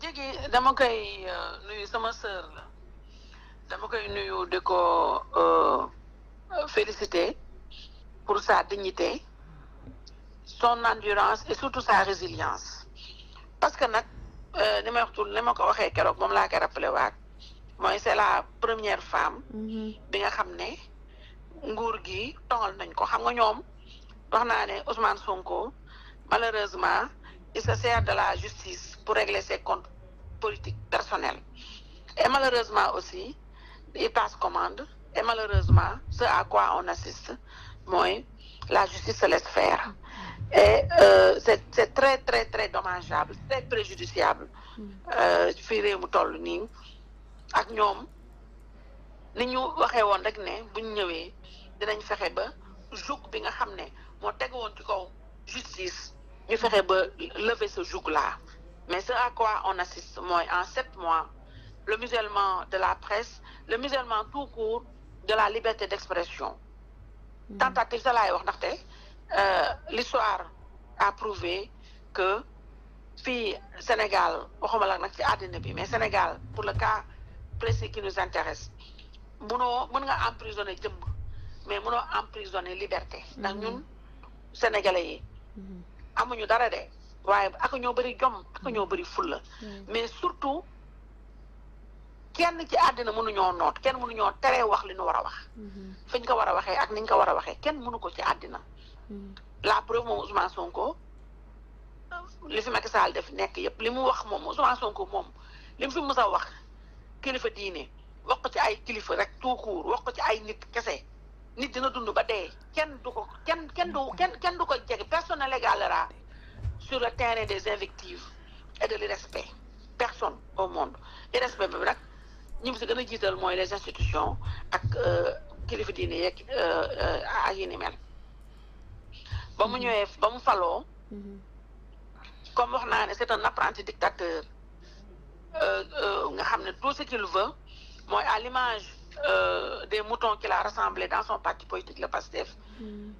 jigi dama koy euh, nuyu sama sœur la dama koy nuyu di ko euh, féliciter pour sa dignité son endurance et surtout sa résilience parce que nag euh, ni ma waxtul ni ma ko waxee keroog moom laa rappelé waat mooy c'est la première femme mm-hmm. bi nga xam ne nguur gi tongal nañ ko xam nga ñoom wax naa ne Ousmane Sonko malheureusement il se sert de la justice pour régler ses comptes politiques personnels. Et malheureusement aussi, il passe commande. Et malheureusement, ce à quoi on assiste, moi, la justice se laisse faire. Et euh, c'est très, très, très dommageable, très préjudiciable. je euh, réew mu toll nii ak nous avons ñu waxee woon rek ne buñ ñëwee dinañ fexe ba joug bi nga ci kaw justice ñu fexe lever ce joug là mais ce à quoi on assiste, moi, en sept mois, le musulman de la presse, le musulman tout court de la liberté d'expression. Hmm. Tentative de la euh, l'histoire a prouvé que fille Sénégal, mais Sénégal, pour le cas précis qui nous intéresse, nous mën emprisonné jëmm mais emprisonné liberté Nous, hmm. ñun sénégalais yi hmm. avons waaye ak ñoo bari jom ak ñoo bëri fulla hmm. mais surtout kenn ci àddina mënuñoo noot kenn mënuñoo teree wax li ñu war a wax hmm. fi ñu ko war a waxee ak niñ ñu ko war a waxee kenn mënu ko ci àddina hmm. la preuve moom Ousmane Sonko li fi nekk yépp li mu wax moom Ousmane Sonko moom li fi mus a wax kilifa diine wax ko ci ay kilifa rek tout court wax ko ci ay nit kese nit dina dund ba dee kenn du ko kenn kenn du kenn kenn du ko jege personne légale sur le terrain des invectives et de l'irrespect personne au monde le respect nag ñi Nous si les institutions qui euh, les diine yeeg euh, euh, ak yi ni mel comme c'est un apprenti dictateur nga peut tout ce qu'il veut à l'image des moutons qu'il a rassemblés dans son parti politique le PASTEF mm.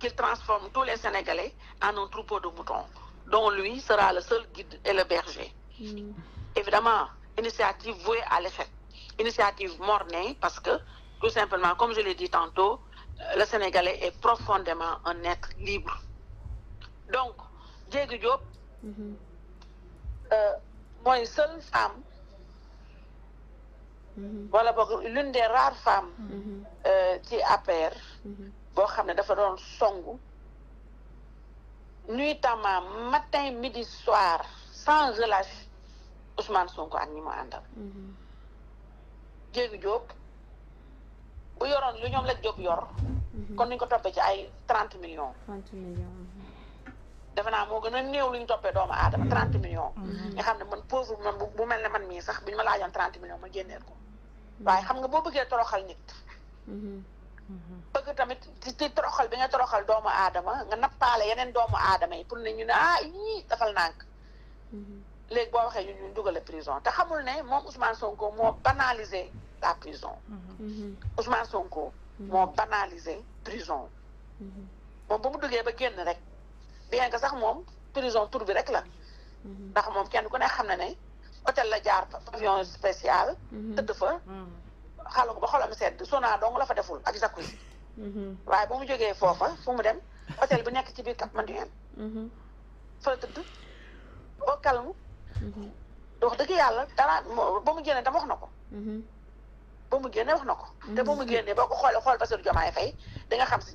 qu'il transforme tous les Sénégalais en un troupeau de moutons dont lui sera le seul guide et le berger. Hmm. Évidemment, initiative vouée à l'effet. Initiative mornée parce que, tout simplement, comme je l'ai dit tantôt, euh, le Sénégalais est profondément un être libre. Donc, Diego Diop, hmm. euh, moi, une seule femme, hmm. l'une des rares femmes qui apparaît, son nuitamment matin midi soir sans relâche Ousmane Sonko ak ñi mu àndal. Mhm. Jéegu Diop bu yoroon lu ñoom la Diop yor. Mhm. kon nuñ ko toppee ci ay trente million trente millions. Mhm. defe naa moo gën a néew lu ñu toppee doomu aadama trente millions. nga xam ne man pauvre man bu mel ne man mii sax bu ñu ma laajoon trente millions ma génneel ko waaye xam nga boo bëggee toroxal nit. tamit ci ci toroxal bi nga toroxal doomu aadama nga nappaale yeneen doomu aadama yi pour ne ñu ne ah yii dafal nànk mm-hmm. léegi boo waxee ñun ñu dugal prison te xamul ne moom Ousmane Sonko moo banaliser la prison mm-hmm. Ousmane Sonko mm-hmm. moom ba mu duggee ba génn rek bien que sax moom prison tour bi rek la ndax moom kenn ku ne xam ne ne hôtel la jaar pavillon spécial tëdd fa xalu ko ba xolam sedd sona dong la fa deful ak jacuzzi Mm-hmm. waaye bu mu jógee foofa fu mu dem hôtel bu nekk ci biir Cap-Manuel mm-hmm. fa tëdd au calme mm-hmm. wax dëgg yàlla dara ba mu génne dama wax na ko ba mu génne wax na ko te ba mu génne boo ko xoolee xool Bassirou Diomaye Faye da nga xam si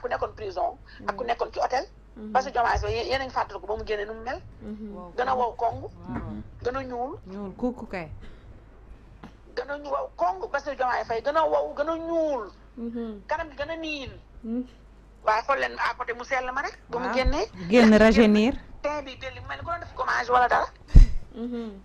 ku nekkoon prison ak ku nekkoon ci hôtel Bassirou Diomaye Faye yéen a ngi fàttaliku ba mu génne nu mu mel gën a wow kong gën a ñuul ñuul kukku kay gën a ñu wow kong Bassirou Diomaye Faye gën a wow gën a ñuul kanam gi gën a niin waaye xool leen à côté mu sell ma rek ba mu génnee génn rajeunir teint bi delli mel ni ko doon def gommage wala dara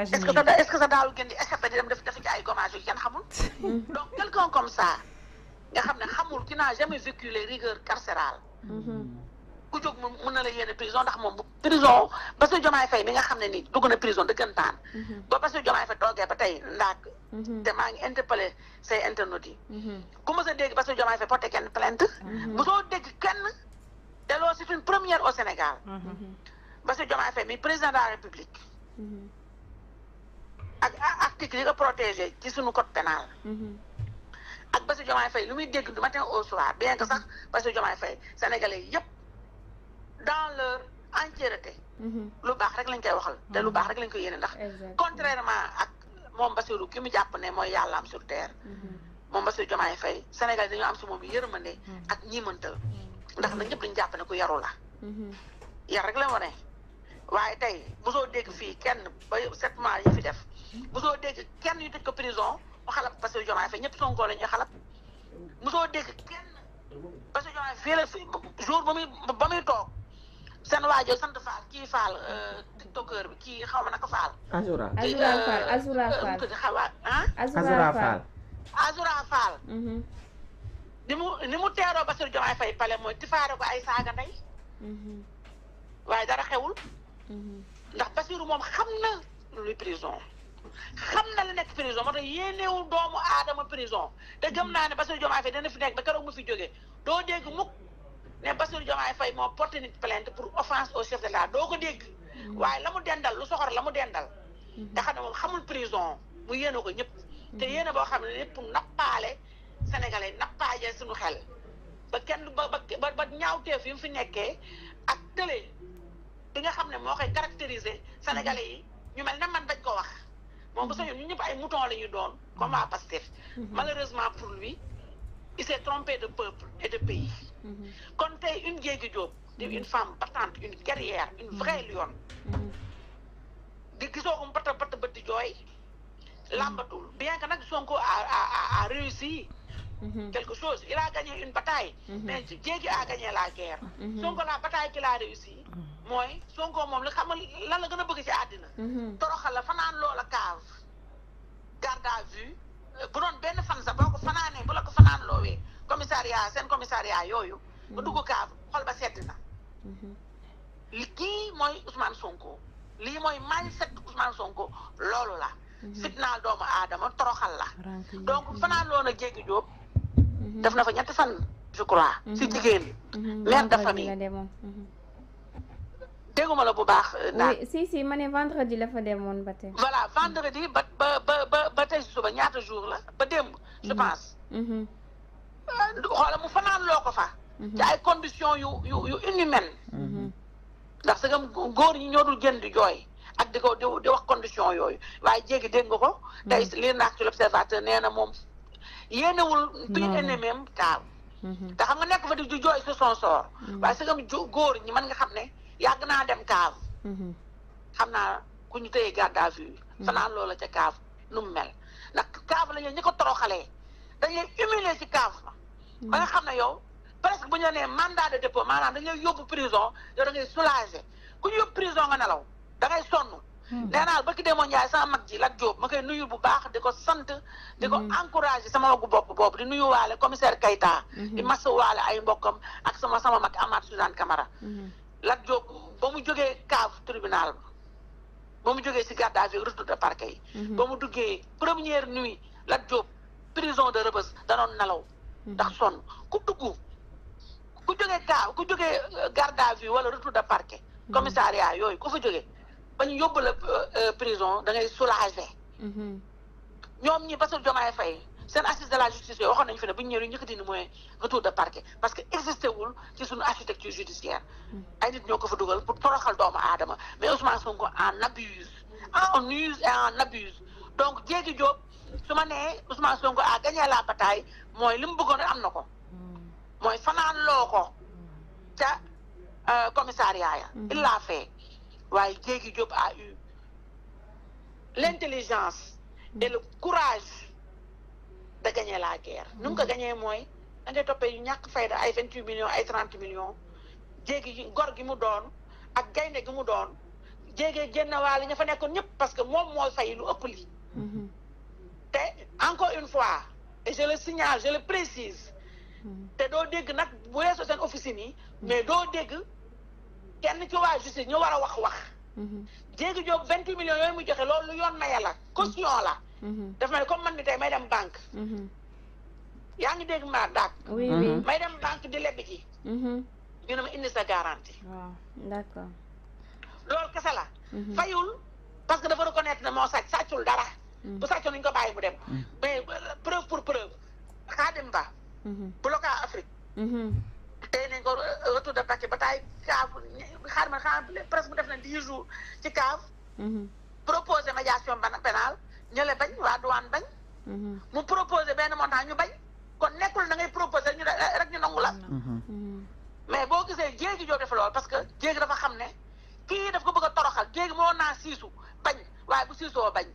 est-ce que sa est-ce que sa daawul gën di échappé di dem def dafa ci ay gommage yu kenn xamul donc quelqu'un comme ça nga xam ne xamul qui n'a jamais vécu les rigueurs carcérales ku jóg moom mën na la yéene prison ndax moom bu prison Bassirou Diomaye Faye mi nga xam ne nii dugg na prison dëggantaan. Mhm. ba Bassirou Diomaye Faye toogee mhm. te maa ngi mhm. kenn plainte. bu soo dégg kenn te loolu c'est une première au Sénégal. Bassirou Diomaye Faye mi président de la République. ak article yi nga protégé ci suñu code pénal. ak Bassirou Diomaye Faye lu muy dégg du matin au soir bien que sax Bassirou Diomaye Faye sénégalais yëpp. dans leur entièreté mhm. lu baax rek lañ koy waxal te lu mhm. baax rek lañ koy yéene ndax contrairement ak moom Bassirou ki mu jàpp ne mooy yàlla am sur terre mhm. moom Bassirou Diomaye Faye Sénégal dañoo am si moom yërmande ak ñiimantal ndax na ñëpp dañu jàpp ne ku yaru la yar rek la wane waaye tey mosoo dégg fii kenn ba sept mois yi fi def mosoo dégg kenn yu tëj ko prison mu xalab Bassirou Diomaye Faye ñëpp Sonko la ñuy xalab mosoo dégg kenn Bassirou Diomaye fii la jour ba muy ba muy toog seen waajoo sant Faal kii Faal euh, tiktokeur bi kii xaw ma naka Faal. Azura Faal Azura euh, Faal Azura euh, Faal ah? mm-hmm. ni mu ni mu teeroo Bassirou Diomaye Faye pale mooy tifaare ko ay saaga ndey. Mm-hmm. waaye dara xewul. Mm-hmm. ndax Bassirou moom xam na luy prison. xam na la nekk prison moo tax yéenewul doomu aadama prison te gëm naa ne Bassirou Diomaye Faye dana fi nekk ba keroog mu fi jógee doo dégg mukk. ne Bassirou Diomaye Faye moo porté nit plainte pour offense au chef de l'État doo ko dégg mm-hmm. waaye la mu dendal lu soxor la mu dendal mm-hmm. te xam ne moom xamul prison mu yéene ko ñëpp te mm-hmm. yéene boo xam ne ñëpp nappaale sénégalais nappaaje suñu xel ba kenn ba ba ba ñaawteef yi mu fi nekkee ak télé bi nga xam ne moo koy caractériser sénégalais yi ñu mel ne man dañ ko wax moom bu sañoon ñu ñëpp ay mouton la ñu doon comme à Pastef malheureusement pour lui il s'est trompé de peuple et de pays. Quand mhm. tey une Diégui Diop mhm. une femme battante une guerrière une mhm. vraie lionne qui gisoo ko mu bata bata de jooy làmbatul bien que nag Sonko a a réussi quelque chose il a gagné une bataille mais Diégui a gagné la guerre Sonko la bataille qu'il a réussi Moi, Sonko moom la xamal la la gën a bëgg ci àddina toroxal la fanaan loola cave garde à vue bu doon benn fan sax boo ko fanaanee bu la ko fanaan loowee commissariat seen commissariat yooyu. ba dugg kaaf xol ba sedd na. Mhm. kii mooy Ousmane Sonko lii mooy mindset Ousmane Sonko loolu la. Mhm. fitnaal doomu aadama toroxal la. donc mhm. fanaan loon a jéggi def na fa ñetti fan je crois. si jigéen. mère de famille. Euh, si si mané vendredi le fa voilà vendredi je ba ba suba jour je mhm. pense. Mhm. Euh, xoola mu fa. Mhm. ci conditions yu yu inhumaines. ndax sagam góor ñi ñoo dul di ak di di wax condition yooyu way jéegi dégg ko. tey li nak ci l'observateur il pas xam nga nek fa di joy si son sort. waaye sagam goor ñi man nga yàgg naa dem cave mm-hmm. xam naa ku ñu téye garde à vue mm-hmm. fanaan loola ca cave nu mu mel ndax cave la ñu ko toroxalee dañ lay humilier ci cave ma mm-hmm. ba nga xam na yow presque bu ñu nee mandat de dépôt maanaam dañ lay yóbbu prison yow da ngay ku ñu yóbbu prison nga nelaw da ngay sonn nee naa ba ki demoon Ndiaye sama mag ji Lat Diop ma koy nuyu bu baax di ko sant di ko encouragé sama magu bopp boobu di nuyu waale commissaire Kayta i massa waale ay mbokkam ak sama sama mag Amath Suzanne Camara Lat Diop ba mu jógee cave tribunal ba mu jógee si gardage yi retour de parquet yi mhm. ba mu duggee première nuit Lat Diop prison de Rebeuss danoon nelaw mhm. ndax son ku dugg ku jógee cave ku jógee euh, garde à vue wala retour de parquet mhm. commissariat yooyu ku fa jógee ba ñu yóbbu la euh, euh, prison da ngay soulagé ñii ñi Bassirou Diomaye fay seen assise de la justice waxon waxoon nañu fi ne bu ñu ñëkëti mooy retour de parquet parce que existé wul ci suñu architecture judiciaire mm. ay nit ñoo ko fa dugal pour toroxal doomu aadama mais Ousmane Sonko en abuse en use et en abuse donc Diégui Diop su ma nee Ousmane Sonko a gagné la bataille mooy li mu bëggoon am na ko mm. mooy fanaan loo ko ca euh, commissariat ya mm. il l'a fait waaye Diégui Diop a eu l' intelligence et le courage de gagner la guerre nu mu ko mm-hmm. gagner mooy dangay toppee yu ñàkk fayda ay vingt huit millions ay trente millions jéegi gor gi mu doon ak gaynde gi mu doon jéegee génnawaale ña fa nekkoon ñëpp parce que moom moo fay lu ëpp lii mm-hmm. te encore une fois et le signale je le précise mm-hmm. te doo dégg nag bu weesoo seen officine yi mais doo dégg kenn ci waa justice ñu war a wax wax jéegi joob vingt huit millions yooyu mu joxe loolu lu yoon maye la caution la Mm-hmm. daf may comme man mi tey may dem banque. Mm-hmm. yaa ngi dégg maa daag. oui oui mm-hmm. may dem banque di leb ji. ñu ne ma indi sa garantie. waaw d'accord. loolu kese la. fayul parce que dafa reconnaître ne moo sàcc sàccul dara. bu sàccoon nañu ko bàyyi bu dem. mais euh, preuve pour preuve Xaadim Ba. bloqué Afrique. tey nañ ko euh, retour de paquet ba taay kaaf xaar presque mu def na dix jours ci kaaf. proposé médiation pénale ñële bañ waa douane bañ. Mhm. mu proposé benn montant ñu bañ kon nekkul na ngay proposé ñu eh, rek ñu nangu la. Mhm. Mhm. mais boo gisee jéegi joo def lool parce que jéegi dafa xam ne kii daf ko bëgg a toroxal jéegi moo naa siisu bañ waaye bu siisoo bañ.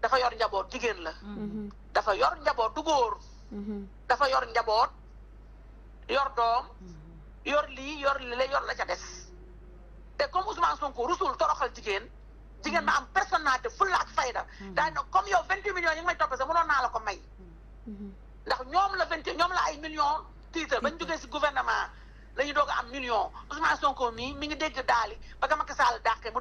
dafa yor njaboot jigéen la. dafa yor njaboot du góor. dafa yor njaboot yor doom. yor lii yor yor la ca des. te comme Ousmane Sonko rusul toroxal jigéen. di ngeen ma am personnalité fulla ak fayda hmm. daañu na comme yow vingt huit millions yi nga may toppee sax mënoon naa la ko may hmm. ndax ñoom la vingt ñoom la ay millions titre bañ si gouvernement la ñu doog a am million Ousmane Sonko mii mi ngi dégg daali ba ka Macky Sall dàqee mu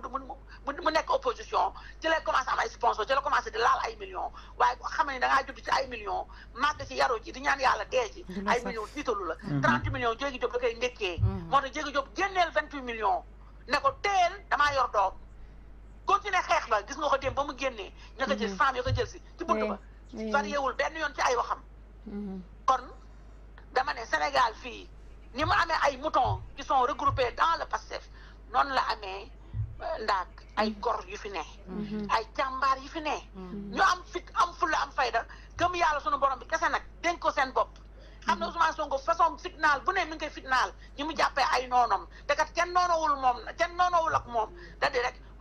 mu nekk opposition ci lay commencé am ay sponsor ci la commencé di laal ay million waaye xam ne da ngaa ci ay million màgg ci yaru ji di ñaan yàlla dee ji ay million tiitalu la hmm. trente millions Jéegi Jóob da koy ndékkee moo tax Jéegi Jóob génneel vingt huit millions ne damaa yor doom ci ne xeex la gis nga ko dem ba mu génnee mm-hmm. ña ko jël femm yo ko jël si ci bunt ba variéwul benn yoon ci ay waxam mm-hmm. kon dama ne Sénégal fii ni mu amee ay moutons qui sont regroupés dans le Pastef noonu la amee euh, ndaak ay mm-hmm. gor yu fi ne ay jàmbaar yu fi ne ñu am fit am fulla am fayda gëm yàlla sunu borom bi kese nag dénk ko seen bopp xam na Ousmane Sonko façon fitnaal bu ne mi ngi koy naal ñi mu jàppee ay noonom te kat kenn noonowul moom kenn noonowul ak moom da di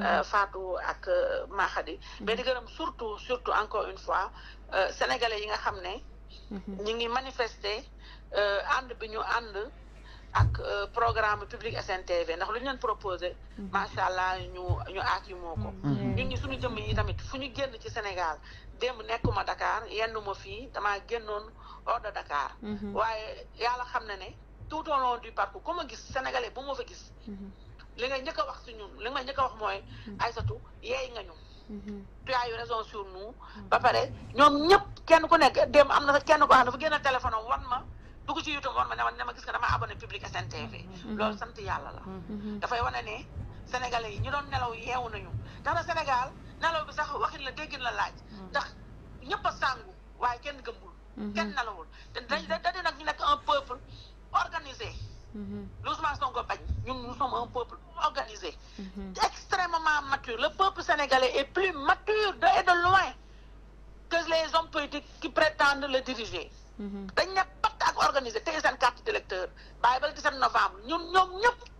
Euh, mm-hmm. Fatou ak euh, Mahadi mm-hmm. mais di gërëm surtout surtout encore une fois euh, sénégalais yi nga xam ne mm-hmm. ñi ngi manifester ànd bi ñu ànd ak programme public SNTV ndax lu ñu leen proposé macha allah ñu ñu aat yi moo suñu jëmm yi tamit fu ñu génn ci Sénégal démb nekkuma Dakar yenn ma fii damaa génnoon hors de Dakar waaye yàlla xam na ne tout au long du parcours ku ma gis sénégalais bu moo fa gis li ngay njëkk a wax si ñun li nga njëkk wax mooy. Mm-hmm. Aysatu yeey nga ñu. Mm-hmm. tu as eu raison sur mm-hmm. ba pare ñoom ñëpp kenn ku nekk démb am na kenn ko xam fu génn téléphone am wan ma dugg ci YouTube wan ma ne ma ne ma gis nga dama abonné Public SN TV. loolu sant yàlla la. dafay wane ne sénégalais yi ñu doon nelaw yeewu nañu ndax na Sénégal nelaw bi sax waxin la déggin la laaj. ndax ñëpp a sàngu waaye kenn gëmbul. kenn nelawul te dañ da di nag ñu nekk un peuple Nous bañ nous sommes un peuple organisé. Mhm. extrêmement mature le peuple sénégalais est plus mature de et de loin que les hommes politiques qui prétendent le diriger. Mhm. dañ a pas ak organisé tey seen carte d'électeur Bible, 17 novembre nous nous, nous.